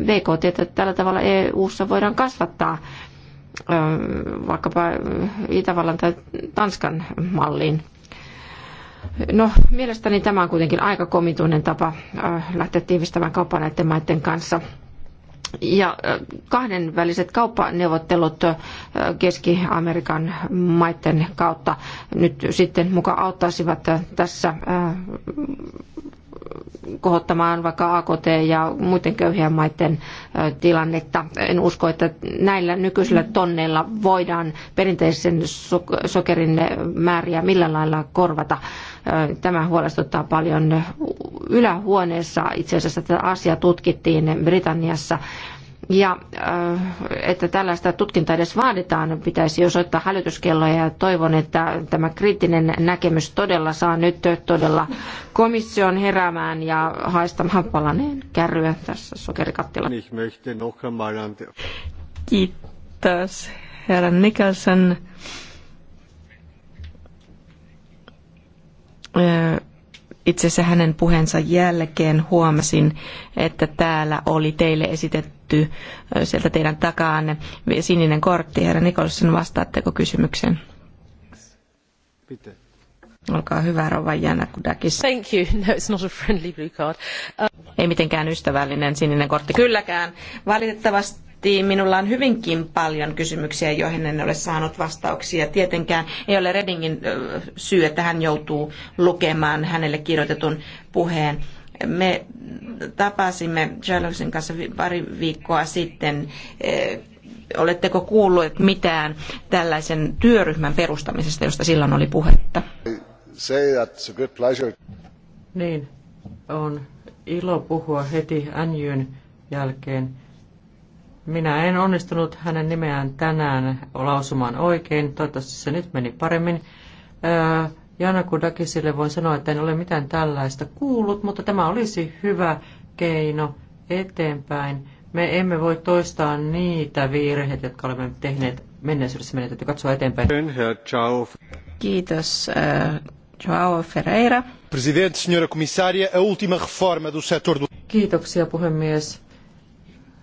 BKT että tällä tavalla EU-ssa voidaan kasvattaa vaikkapa Itävallan tai Tanskan malliin. No, mielestäni tämä on kuitenkin aika komituinen tapa lähteä tiivistämään kauppaa näiden maiden kanssa ja kahdenväliset kauppaneuvottelut Keski-Amerikan maiden kautta nyt sitten muka auttaisivat tässä kohottamaan vaikka AKT ja muiden köyhien maiden tilannetta. En usko, että näillä nykyisillä tonneilla voidaan perinteisen sokerin määriä millään lailla korvata. Tämä huolestuttaa paljon. Ylähuoneessa itse asiassa tätä asiaa tutkittiin Britanniassa ja äh, että tällaista tutkintaa edes vaaditaan, pitäisi osoittaa hälytyskelloja ja toivon, että tämä kriittinen näkemys todella saa nyt todella komission heräämään ja haistamaan palaneen kärryä tässä sokerikattilassa. Kiitos, herra Nikelsen. Itse asiassa hänen puheensa jälkeen huomasin, että täällä oli teille esitetty löytyy sieltä teidän takaanne. Sininen kortti, herra Nikolson, vastaatteko kysymykseen? Olkaa hyvä, Rova Janakudakis. Thank you. [laughs] No, it's not a friendly blue card. Uh... Ei mitenkään ystävällinen sininen kortti kylläkään. Valitettavasti Minulla on hyvinkin paljon kysymyksiä, joihin en ole saanut vastauksia. Tietenkään ei ole Redingin syy, että hän joutuu lukemaan hänelle kirjoitetun puheen. Me tapasimme Charlesin kanssa pari viikkoa sitten. Eh, oletteko kuulleet mitään tällaisen työryhmän perustamisesta, josta silloin oli puhetta? Niin, on ilo puhua heti Anjyn jälkeen. Minä en onnistunut hänen nimeään tänään lausumaan oikein, toivottavasti se nyt meni paremmin. Jana Kudakisille voin sanoa, että en ole mitään tällaista kuullut, mutta tämä olisi hyvä keino eteenpäin. Me emme voi toistaa niitä virheitä, jotka olemme tehneet menneisyydessä. Meidän täytyy katsoa eteenpäin. Kiitos. Eh, Joao Ferreira. Presidente, senhora comissária, a última reforma do setor do... Kiitoksia puhemies.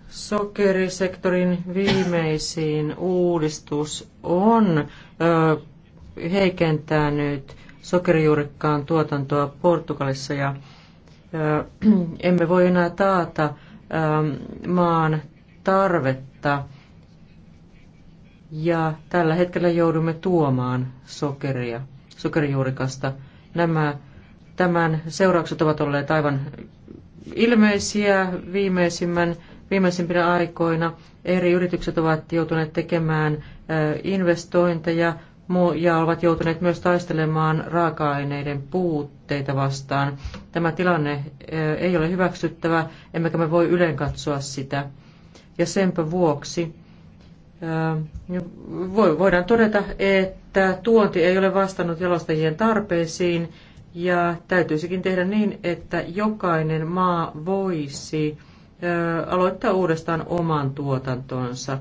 Sokerisektorin viimeisin uudistus on ö, eh, heikentänyt sokerijuurikkaan tuotantoa Portugalissa ja [clears throat] emme voi enää taata maan tarvetta ja tällä hetkellä joudumme tuomaan sokeria, sokerijuurikasta. Nämä, tämän seuraukset ovat olleet aivan ilmeisiä viimeisimmän, viimeisimpinä aikoina. Eri yritykset ovat joutuneet tekemään investointeja, ja ovat joutuneet myös taistelemaan raaka-aineiden puutteita vastaan. Tämä tilanne ei ole hyväksyttävä, emmekä me voi ylen katsoa sitä. Ja senpä vuoksi voidaan todeta, että tuonti ei ole vastannut jalostajien tarpeisiin ja täytyisikin tehdä niin, että jokainen maa voisi aloittaa uudestaan oman tuotantonsa.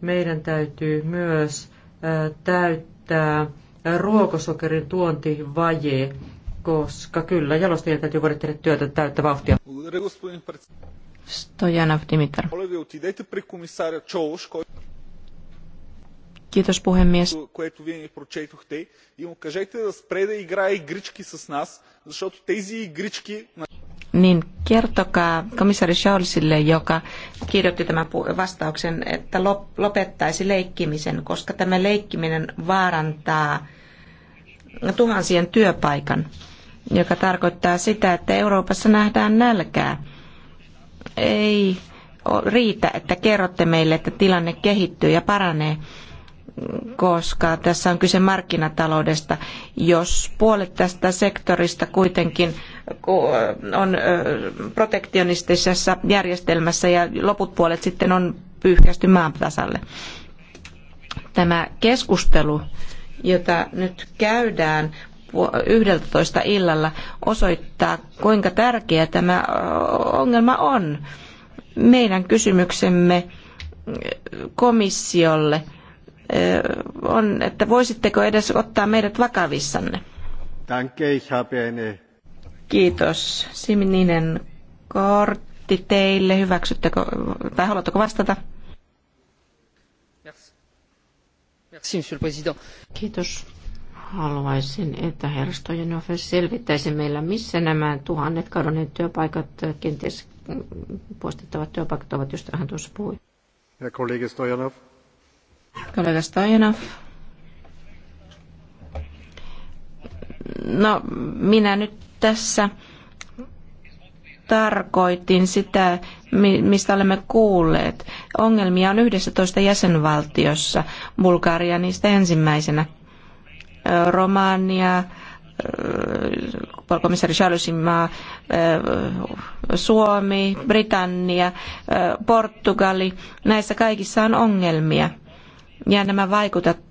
Meidän täytyy myös täyttää täyttää ruokosokerin tuontivaje, koska kyllä jalostajien täytyy voida tehdä työtä täyttä vauhtia. Stojanov Dimitar. Kiitos puhemies niin kertokaa komissaari Charlesille, joka kirjoitti tämän vastauksen, että lopettaisi leikkimisen, koska tämä leikkiminen vaarantaa tuhansien työpaikan, joka tarkoittaa sitä, että Euroopassa nähdään nälkää. Ei riitä, että kerrotte meille, että tilanne kehittyy ja paranee, koska tässä on kyse markkinataloudesta. Jos puolet tästä sektorista kuitenkin on protektionistisessa järjestelmässä ja loput puolet sitten on pyyhkästy maan tasalle. Tämä keskustelu, jota nyt käydään 11 illalla, osoittaa, kuinka tärkeä tämä ongelma on. Meidän kysymyksemme komissiolle on, että voisitteko edes ottaa meidät vakavissanne? Danke, ich habe eine Kiitos. Simininen kortti teille. Hyväksyttekö tai haluatteko vastata? Kiitos. Haluaisin, että herra Stojanov selvittäisi meillä, missä nämä tuhannet kadonneet työpaikat, kenties poistettavat työpaikat ovat, josta hän tuossa puhui. Ja kollega Stojanov. Kollega Stojanov. No, minä nyt tässä tarkoitin sitä, mistä olemme kuulleet. Ongelmia on 11 jäsenvaltiossa, Bulgaria niistä ensimmäisenä. Romania, komissaari Charlesin maa, Suomi, Britannia, Portugali, näissä kaikissa on ongelmia. Ja nämä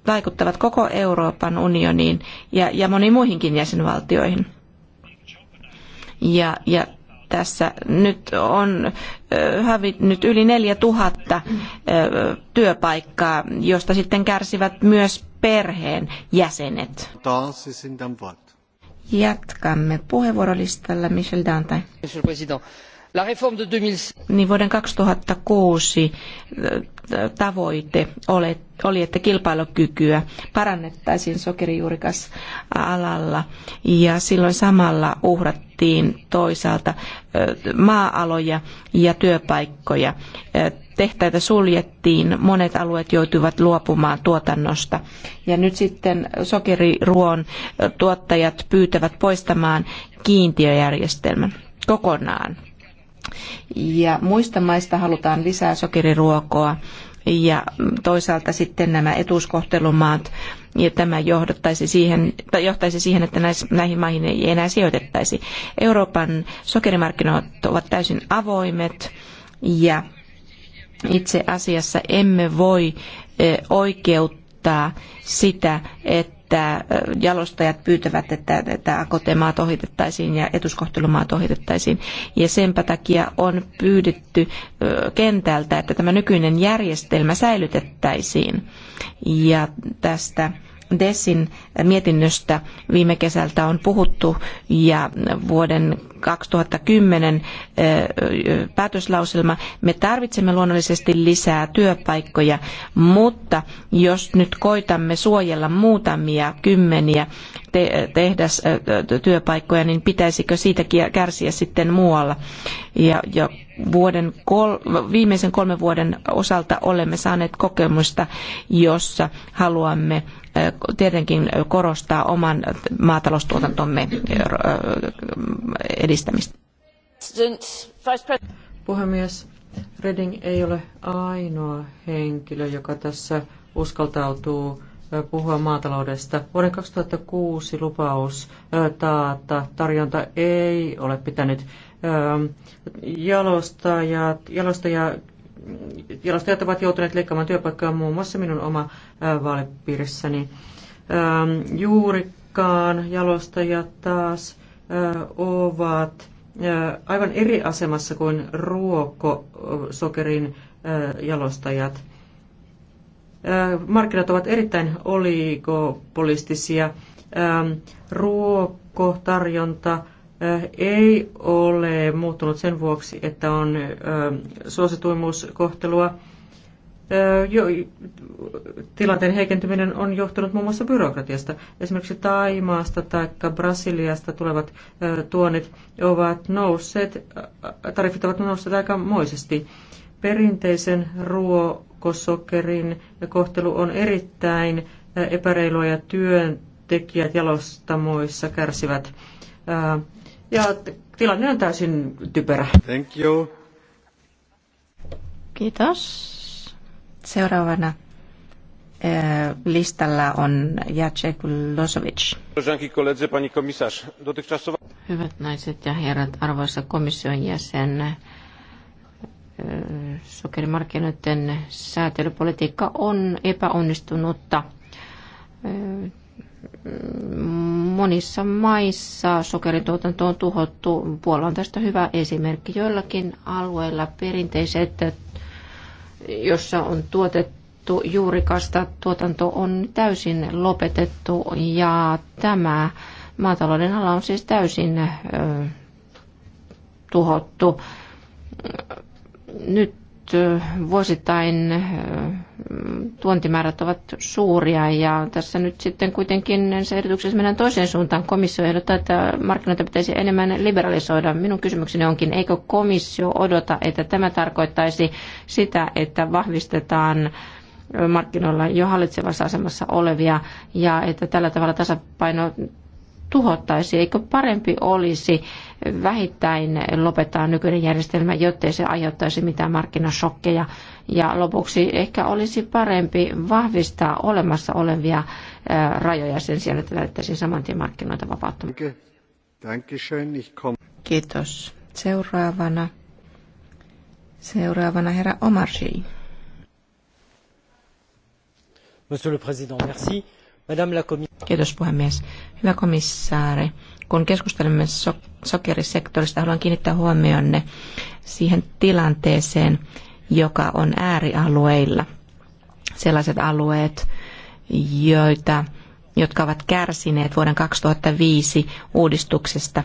vaikuttavat koko Euroopan unioniin ja, ja moniin muihinkin jäsenvaltioihin ja, ja tässä nyt on hävinnyt yli 4000 työpaikkaa, josta sitten kärsivät myös perheen jäsenet. Jatkamme puheenvuorolistalla Michel Dantain. Niin vuoden 2006 tavoite oli, että kilpailukykyä parannettaisiin sokerijuurikasalalla ja silloin samalla uhrattiin toisaalta maa-aloja ja työpaikkoja. Tehtäitä suljettiin, monet alueet joutuivat luopumaan tuotannosta ja nyt sitten sokeriruon tuottajat pyytävät poistamaan kiintiöjärjestelmän kokonaan ja muista maista halutaan lisää sokeriruokoa ja toisaalta sitten nämä etuuskohtelumaat, ja tämä johdattaisi siihen, tai johtaisi siihen, että näihin maihin ei enää sijoitettaisi. Euroopan sokerimarkkinat ovat täysin avoimet, ja itse asiassa emme voi oikeuttaa sitä, että että jalostajat pyytävät, että, että AKT-maat ohitettaisiin ja etuskohtelumaat ohitettaisiin. Ja senpä takia on pyydetty kentältä, että tämä nykyinen järjestelmä säilytettäisiin. Ja tästä Dessin mietinnöstä viime kesältä on puhuttu ja vuoden 2010 päätöslauselma. Me tarvitsemme luonnollisesti lisää työpaikkoja, mutta jos nyt koitamme suojella muutamia kymmeniä te- tehdas työpaikkoja, niin pitäisikö siitä kärsiä sitten muualla? Ja, ja vuoden kol, viimeisen kolmen vuoden osalta olemme saaneet kokemusta, jossa haluamme tietenkin korostaa oman maataloustuotantomme edistämistä. Puhemies, Reding ei ole ainoa henkilö, joka tässä uskaltautuu puhua maataloudesta. Vuoden 2006 lupaus taata tarjonta ei ole pitänyt. Jalostajat, jalostaja, jalostajat ovat joutuneet leikkaamaan työpaikkaa muun muassa minun oma vaalipiirissäni. juurikaan jalostajat taas ovat aivan eri asemassa kuin ruokosokerin jalostajat – markkinat ovat erittäin oligopolistisia. Ruokotarjonta ei ole muuttunut sen vuoksi, että on suosituimuuskohtelua. Tilanteen heikentyminen on johtunut muun muassa byrokratiasta. Esimerkiksi Taimaasta tai Brasiliasta tulevat tuonnit ovat nousseet, tariffit ovat nousseet aika moisesti. Perinteisen ruo valkosokerin kohtelu on erittäin epäreilua ja työntekijät jalostamoissa kärsivät. Ja tilanne on täysin typerä. Thank you. Kiitos. Seuraavana listalla on Jacek Losovic. Hyvät naiset ja herrat, arvoisa komission jäsen, sokerimarkkinoiden säätelypolitiikka on epäonnistunutta. Monissa maissa sokerituotanto on tuhottu. Puola on tästä hyvä esimerkki. Joillakin alueilla perinteiset, jossa on tuotettu juurikasta, tuotanto on täysin lopetettu ja tämä maatalouden ala on siis täysin tuhottu nyt vuosittain tuontimäärät ovat suuria ja tässä nyt sitten kuitenkin se erityksessä mennään toiseen suuntaan. Komissio ehdottaa, että markkinoita pitäisi enemmän liberalisoida. Minun kysymykseni onkin, eikö komissio odota, että tämä tarkoittaisi sitä, että vahvistetaan markkinoilla jo hallitsevassa asemassa olevia ja että tällä tavalla tasapaino tuhottaisi. Eikö parempi olisi vähittäin lopettaa nykyinen järjestelmä, jottei se aiheuttaisi mitään markkinashokkeja. Ja lopuksi ehkä olisi parempi vahvistaa olemassa olevia rajoja sen sijaan, että lähdettäisiin saman tien markkinoita vapauttamaan. Kiitos. Seuraavana, seuraavana herra Omarji. Monsieur le Président, merci. Kiitos puhemies. Hyvä komissaari, kun keskustelemme so- sokerisektorista, haluan kiinnittää huomionne siihen tilanteeseen, joka on äärialueilla. Sellaiset alueet, joita, jotka ovat kärsineet vuoden 2005 uudistuksesta,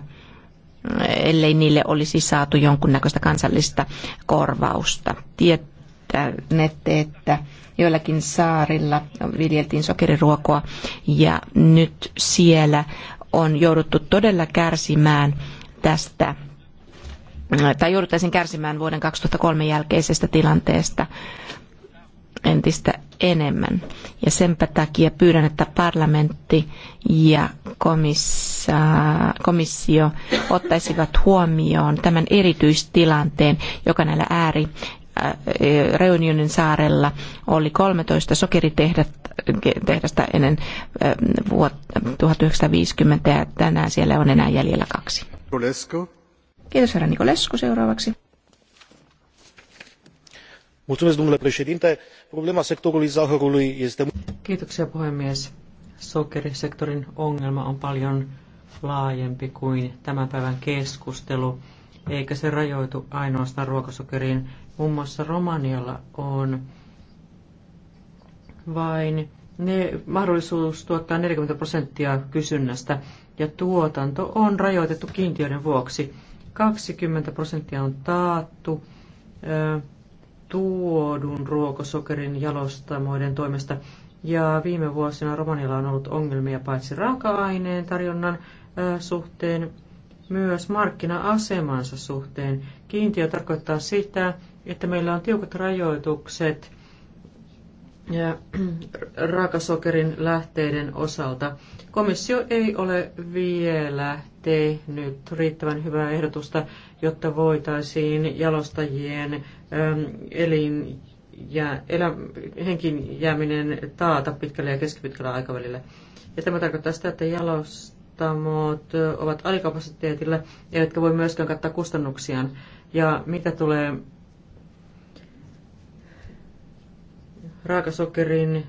ellei niille olisi saatu jonkunnäköistä kansallista korvausta. Tietänette, että Joillakin saarilla viljeltiin sokeriruokoa ja nyt siellä on jouduttu todella kärsimään tästä tai jouduttaisiin kärsimään vuoden 2003 jälkeisestä tilanteesta entistä enemmän. Ja senpä takia pyydän, että parlamentti ja komissio ottaisivat huomioon tämän erityistilanteen, joka näillä ääri- Reunionin saarella oli 13 sokeritehdasta ennen vuotta 1950 ja tänään siellä on enää jäljellä kaksi. Nicolescu. Kiitos herra Nicolescu seuraavaksi. Mulțumesc, domnule președinte. Problema sectorului zahărului este... Kiitoksia puhemies. Sokerisektorin ongelma on paljon laajempi kuin tämän päivän keskustelu, eikä se rajoitu ainoastaan ruokasokeriin. Muun muassa Romanialla on vain ne, mahdollisuus tuottaa 40 prosenttia kysynnästä ja tuotanto on rajoitettu kiintiöiden vuoksi. 20 prosenttia on taattu ö, tuodun ruokosokerin jalostamoiden toimesta. Ja viime vuosina Romanilla on ollut ongelmia paitsi raaka-aineen tarjonnan ö, suhteen, myös markkina-asemansa suhteen. Kiintiö tarkoittaa sitä, että meillä on tiukat rajoitukset ja [clears throat] raakasokerin lähteiden osalta. Komissio ei ole vielä tehnyt riittävän hyvää ehdotusta, jotta voitaisiin jalostajien elin ja elä, henkin jääminen taata pitkällä ja keskipitkällä aikavälillä. Ja tämä tarkoittaa sitä, että jalostamot ovat alikapasiteetilla, eivätkä voi myöskään kattaa kustannuksiaan. Ja mitä tulee raakasokerin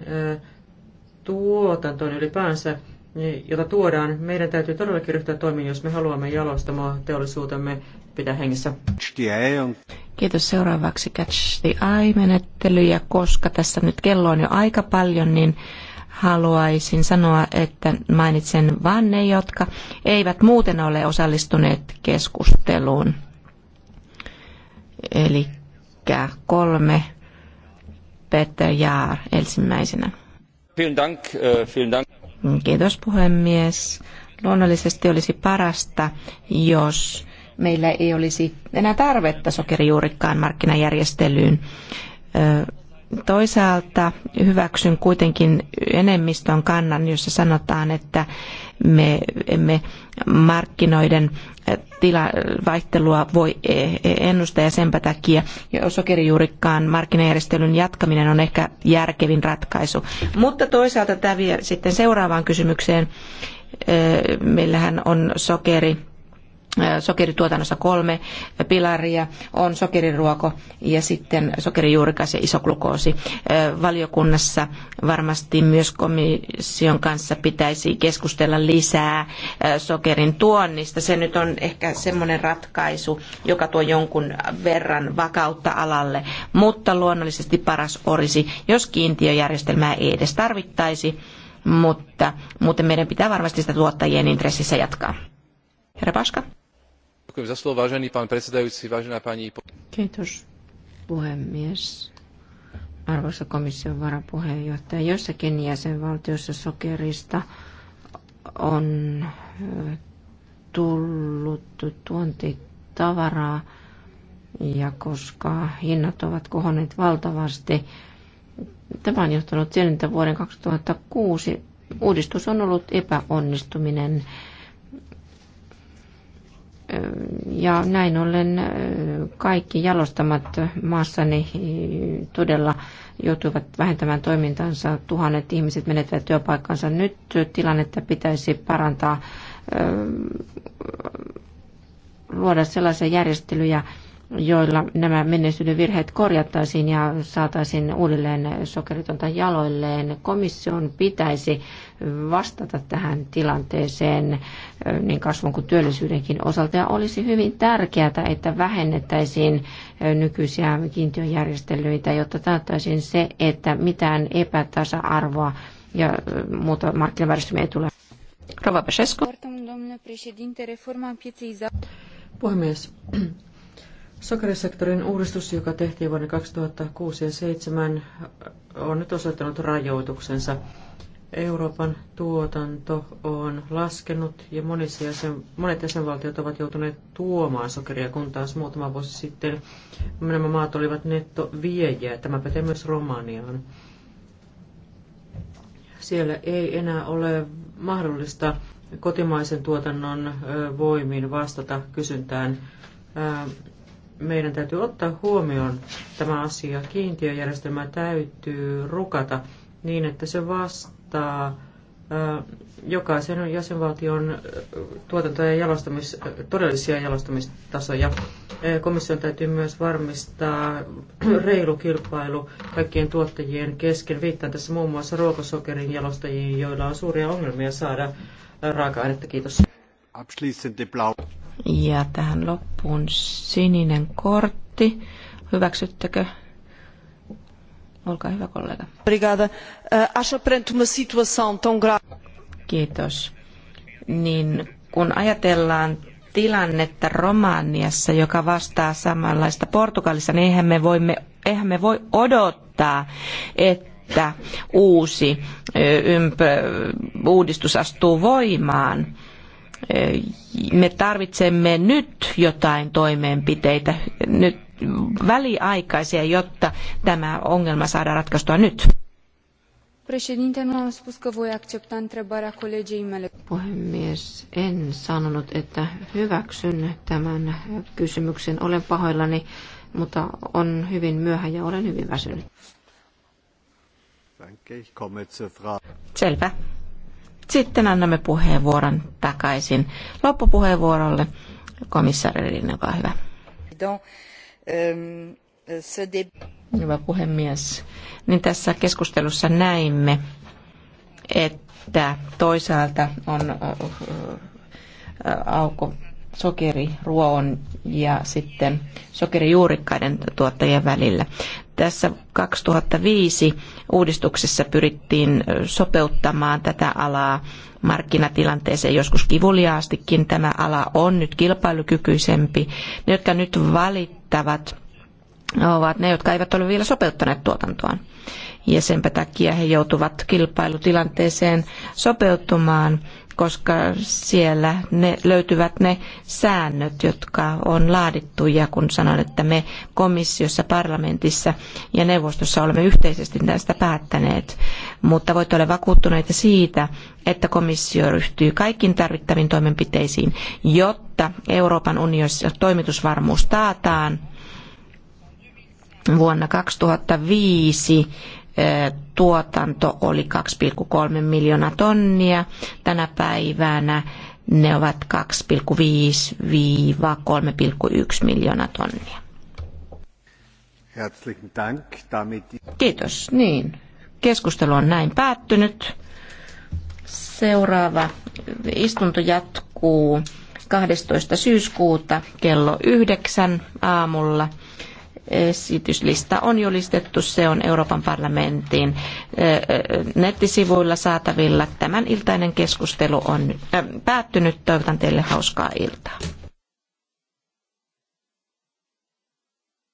tuotantoon ylipäänsä, niin, jota tuodaan, meidän täytyy todellakin ryhtyä toimiin, jos me haluamme jalostamaan teollisuutemme pitää hengissä. Kiitos. Seuraavaksi Catch the Eye-menettely. Ja koska tässä nyt kello on jo aika paljon, niin haluaisin sanoa, että mainitsen vain ne, jotka eivät muuten ole osallistuneet keskusteluun. Eli kolme Peter Jaar ensimmäisenä. Äh, Kiitos puhemies. Luonnollisesti olisi parasta, jos meillä ei olisi enää tarvetta sokerijuurikkaan markkinajärjestelyyn. Toisaalta hyväksyn kuitenkin enemmistön kannan, jossa sanotaan, että me emme markkinoiden tila, vaihtelua voi e, e, ennustaa ja senpä takia sokerijuurikkaan markkinajärjestelyn jatkaminen on ehkä järkevin ratkaisu. Mutta toisaalta tämä vie sitten seuraavaan kysymykseen. Meillähän on sokeri sokerituotannossa kolme pilaria on sokeriruoko ja sitten sokerijuurikas ja isoglukoosi. Valiokunnassa varmasti myös komission kanssa pitäisi keskustella lisää sokerin tuonnista. Se nyt on ehkä semmoinen ratkaisu, joka tuo jonkun verran vakautta alalle, mutta luonnollisesti paras olisi, jos kiintiöjärjestelmää ei edes tarvittaisi, mutta muuten meidän pitää varmasti sitä tuottajien intressissä jatkaa. Herra Paska. Kiitos puhemies. Arvoisa komission varapuheenjohtaja, jossakin jäsenvaltiossa sokerista on tullut tuontitavaraa ja koska hinnat ovat kohonneet valtavasti, tämä on johtanut siihen, että vuoden 2006 uudistus on ollut epäonnistuminen ja näin ollen kaikki jalostamat maassani todella joutuivat vähentämään toimintansa. Tuhannet ihmiset menettävät työpaikkansa. Nyt tilannetta pitäisi parantaa, luoda sellaisia järjestelyjä, joilla nämä menneisyyden virheet korjattaisiin ja saataisiin uudelleen sokeritonta jaloilleen. Komission pitäisi vastata tähän tilanteeseen niin kasvun kuin työllisyydenkin osalta. Ja olisi hyvin tärkeää, että vähennettäisiin nykyisiä kiintiöjärjestelyitä, jotta taattaisiin se, että mitään epätasa-arvoa ja muuta markkinavääristymiä ei tule. Rova Pesescu. Puhemies, Sokerisektorin uudistus, joka tehtiin vuonna 2006 ja 2007, on nyt osoittanut rajoituksensa. Euroopan tuotanto on laskenut ja monissa jäsen, monet jäsenvaltiot ovat joutuneet tuomaan sokeria, kun taas muutama vuosi sitten nämä maat olivat nettoviejiä. Tämä pätee myös Romaniaan. Siellä ei enää ole mahdollista kotimaisen tuotannon voimin vastata kysyntään meidän täytyy ottaa huomioon tämä asia. Kiintiöjärjestelmä täytyy rukata niin, että se vastaa jokaisen jäsenvaltion tuotanto- ja jalostamis, todellisia jalostamistasoja. Komission täytyy myös varmistaa [clears throat] reilu kilpailu kaikkien tuottajien kesken. Viittaan tässä muun muassa ruokosokerin jalostajiin, joilla on suuria ongelmia saada raaka-ainetta. Kiitos. Ja tähän loppuun sininen kortti. Hyväksyttekö? Olkaa hyvä kollega. Eh, situação tão grave. Kiitos. Niin kun ajatellaan tilannetta Romaniassa, joka vastaa samanlaista Portugalissa, niin eihän me, voimme, eihän me voi odottaa, että uusi ympö, uudistus astuu voimaan me tarvitsemme nyt jotain toimenpiteitä, nyt väliaikaisia, jotta tämä ongelma saadaan ratkaistua nyt. Președinte, nu am spus că voi accepta întrebarea colegei mele. Puhemies, en sanonut, että hyväksyn tämän kysymyksen. Olen pahoillani, mutta on hyvin myöhä ja olen hyvin väsynyt. Selvä. Sitten annamme puheenvuoron takaisin loppupuheenvuorolle. Komissaari Rinne, olkaa hyvä. Euh, hyvä puhemies. Niin tässä keskustelussa näimme, että toisaalta on auko sokeriruoon ja sitten sokerijuurikkaiden tuottajien välillä. Tässä 2005 uudistuksessa pyrittiin sopeuttamaan tätä alaa markkinatilanteeseen joskus kivuliaastikin. Tämä ala on nyt kilpailukykyisempi. Ne, jotka nyt valittavat, ovat ne, jotka eivät ole vielä sopeuttaneet tuotantoaan. Ja senpä takia he joutuvat kilpailutilanteeseen sopeutumaan koska siellä ne löytyvät ne säännöt, jotka on laadittu. Ja kun sanon, että me komissiossa, parlamentissa ja neuvostossa olemme yhteisesti tästä päättäneet, mutta voitte olla vakuuttuneita siitä, että komissio ryhtyy kaikkiin tarvittaviin toimenpiteisiin, jotta Euroopan unionissa toimitusvarmuus taataan vuonna 2005 tuotanto oli 2,3 miljoonaa tonnia. Tänä päivänä ne ovat 2,5-3,1 miljoonaa tonnia. Kiitos. Niin. Keskustelu on näin päättynyt. Seuraava istunto jatkuu 12. syyskuuta kello 9 aamulla esityslista on julistettu. Se on Euroopan parlamentin nettisivuilla saatavilla. Tämän iltainen keskustelu on päättynyt. Toivotan teille hauskaa iltaa.